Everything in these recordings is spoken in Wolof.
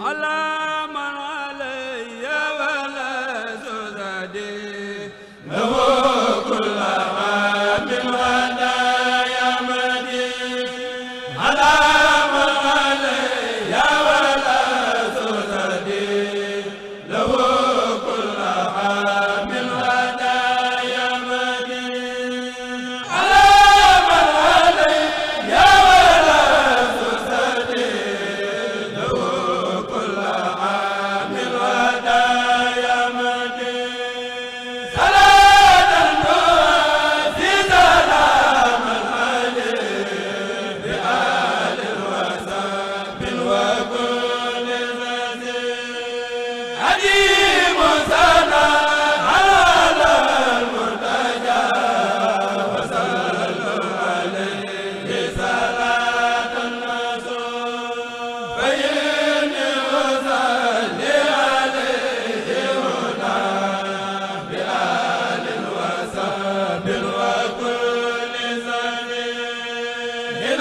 ala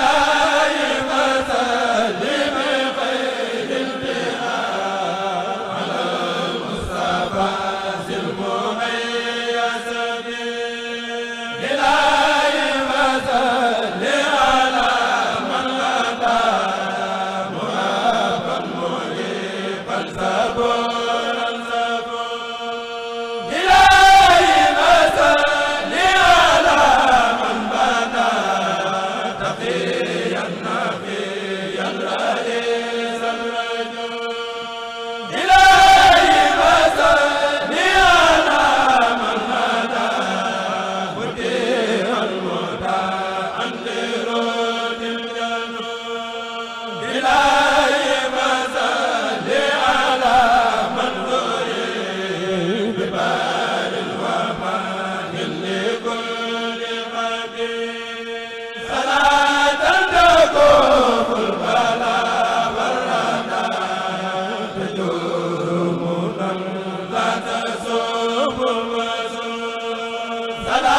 la salaam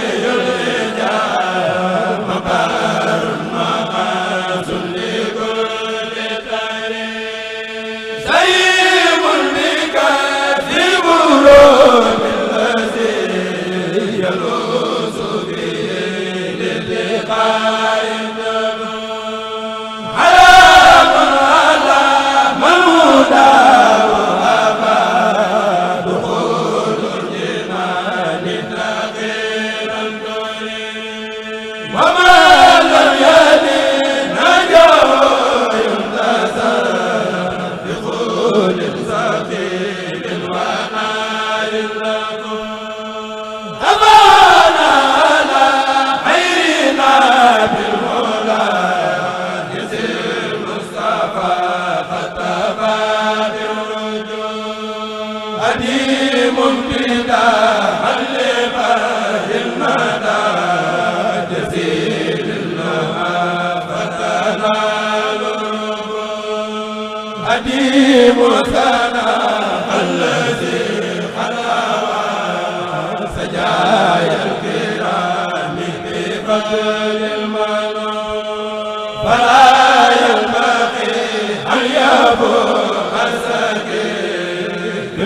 Musa